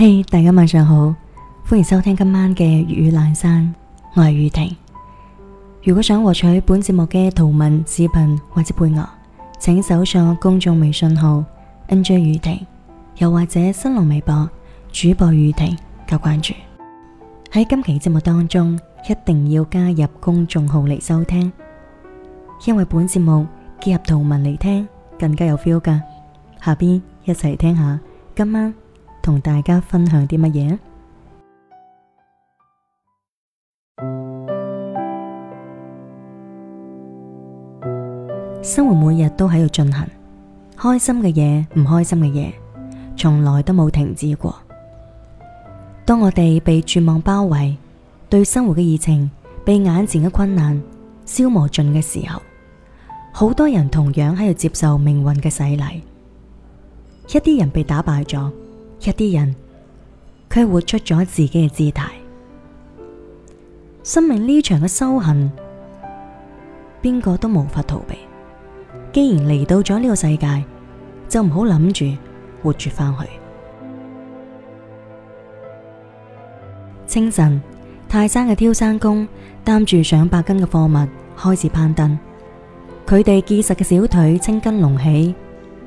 Hey, 大家晚上好，歡迎收聽今晚嘅粵語闌珊，我係宇婷。如果想獲取本節目嘅圖文視頻或者配樂，請搜索公眾微信號 NJ 宇婷，又或者新浪微博主播宇婷加關注。喺今期節目當中，一定要加入公眾號嚟收聽，因為本節目結合圖文嚟聽更加有 feel 噶。下邊一齊聽一下今晚。同大家分享啲乜嘢？生活每日都喺度進行，開心嘅嘢，唔開心嘅嘢，從來都冇停止過。當我哋被絕望包圍，對生活嘅熱情被眼前嘅困難消磨盡嘅時候，好多人同樣喺度接受命運嘅洗禮，一啲人被打敗咗。一啲人，佢活出咗自己嘅姿態。生命呢場嘅修行，邊個都無法逃避。既然嚟到咗呢個世界，就唔好諗住活住返去。清晨，泰山嘅挑山工擔住上百斤嘅貨物開始攀登，佢哋結實嘅小腿青筋隆起，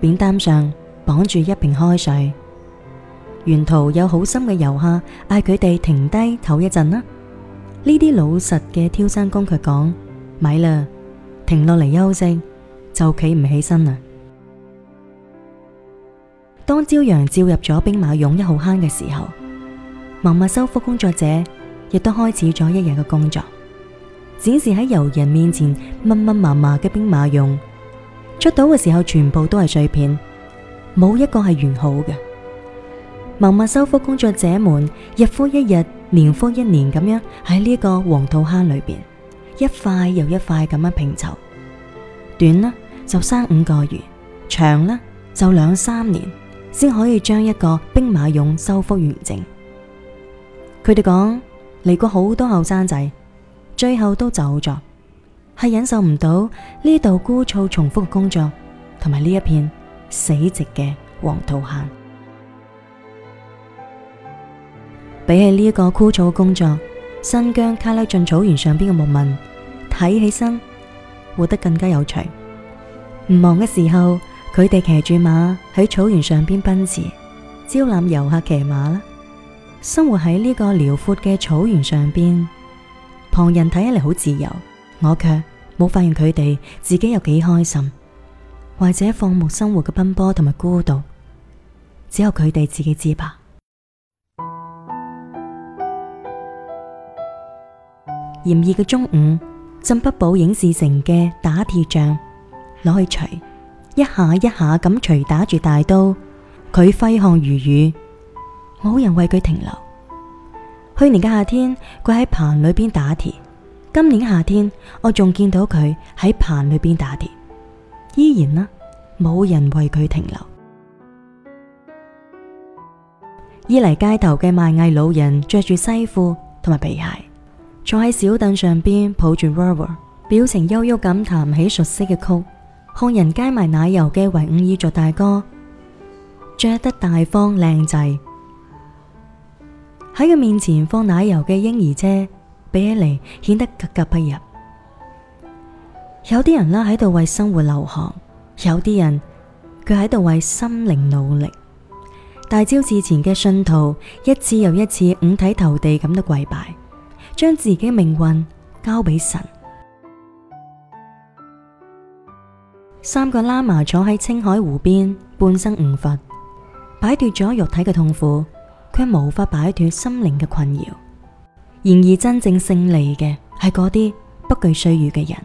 扁擔上綁住一瓶開水。沿途有好心嘅遊客嗌佢哋停低唞一陣啦，呢啲老實嘅挑山工佢講：咪啦，停落嚟休息就企唔起身啦。當朝陽照入咗兵馬俑一號坑嘅時候，文物修復工作者亦都開始咗一日嘅工作。展示喺遊人面前密密麻麻嘅兵馬俑，出土嘅時候全部都係碎片，冇一個係完好嘅。文物修復工作者們日復一日、年復一年咁樣喺呢個黃土坑裏邊，一塊又一塊咁樣拼湊。短呢，就三五個月，長呢，就兩三年，先可以將一個兵馬俑修復完整。佢哋講，嚟過好多後生仔，最後都走咗，係忍受唔到呢度枯燥重復嘅工作，同埋呢一片死寂嘅黃土坑。比起呢個枯燥工作，新疆喀拉峻草原上邊嘅牧民睇起身活得更加有趣。唔忙嘅時候，佢哋騎住馬喺草原上邊奔馳，招攬遊客騎馬啦。生活喺呢個遼闊嘅草原上邊，旁人睇起嚟好自由，我卻冇發現佢哋自己有幾開心，或者放牧生活嘅奔波同埋孤獨，只有佢哋自己知吧。炎熱嘅中午，鎮北堡影視城嘅打鐵匠攞去錘，一下一下咁錘打住大刀，佢揮汗如雨，冇人為佢停留。去年嘅夏天，佢喺棚裏邊打鐵；今年夏天，我仲見到佢喺棚裏邊打鐵，依然呢，冇人為佢停留。伊犁街頭嘅賣藝老人，着住西褲同埋皮鞋。坐喺小凳上邊，抱住熱瓦甫，表情憂鬱咁彈起熟悉嘅曲。漢人街賣奶油嘅維吾爾族大哥，着得大方靚仔。喺佢面前放奶油嘅嬰兒車，比起嚟顯得格格不入。有啲人啦喺度為生活流汗，有啲人佢喺度為心靈努力。大昭寺前嘅信徒，一次又一次五體投地咁都跪拜，將自己命運交俾神。三個喇嘛坐喺青海湖邊，半生悟佛，擺脫咗肉體嘅痛苦，卻無法擺脫心靈嘅困擾。然而，真正勝利嘅係嗰啲不懼歲月嘅人。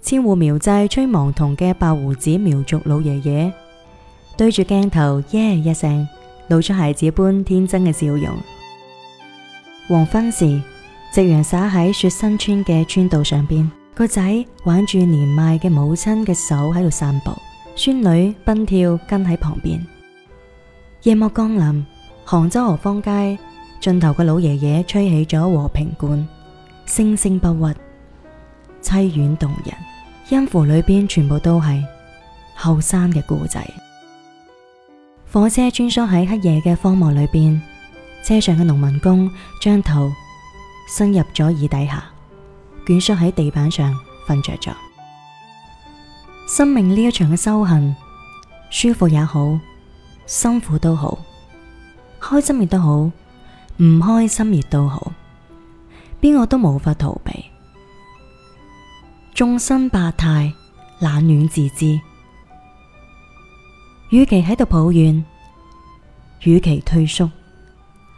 千戶苗寨吹芒筒嘅白鬍子苗族老爺爺，對住鏡頭耶、yeah、一聲。露出孩子般天真嘅笑容。黃昏時，夕陽灑喺雪新村嘅村道上邊，個仔挽住年邁嘅母親嘅手喺度散步，孫女奔跳跟喺旁邊。夜幕降臨，杭州河坊街盡頭嘅老爺爺吹起咗和平管，聲聲不屈，淒婉動人，音符裏邊全部都係後生嘅故仔。火車穿梭喺黑夜嘅荒漠裏邊，車上嘅農民工將頭伸入咗椅底下，蜷縮喺地板上瞓着咗。生命呢一場嘅修行，舒服也好，辛苦都好，開心亦都好，唔開心亦都好，邊個都無法逃避。眾生百態，冷暖自知。與其喺度抱怨，與其退縮，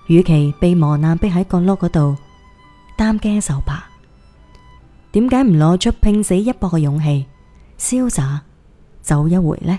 與其被磨難逼喺角落嗰度，擔驚受怕，點解唔攞出拼死一搏嘅勇氣，瀟灑走一回呢？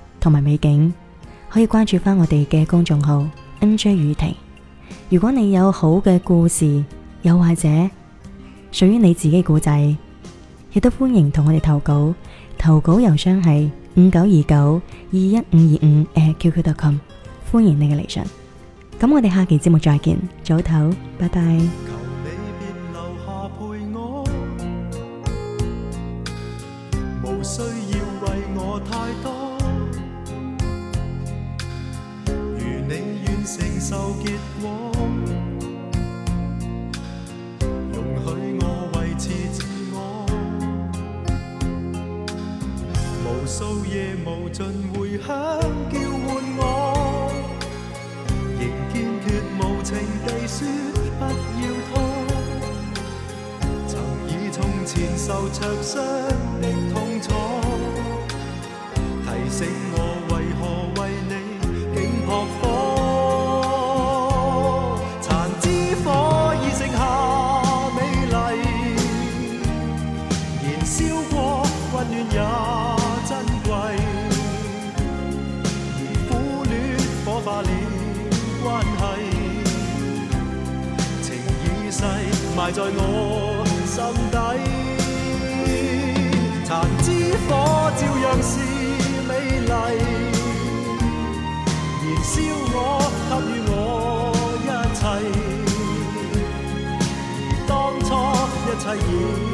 同埋美景，可以關注翻我哋嘅公眾號 NJ 宇婷。如果你有好嘅故事，又或者屬於你自己嘅故仔，亦都歡迎同我哋投稿。投稿郵箱係五九二九二一五二五 @qq.com，歡迎你嘅嚟信。咁我哋下期節目再見，早唞，拜拜。求你別留下陪我響叫喚我，仍堅決無情地說不要拖。曾以從前受灼傷的痛楚提醒。埋在我心底，殘枝火照樣是美麗，燃燒我，給予我一切，而當初一切已。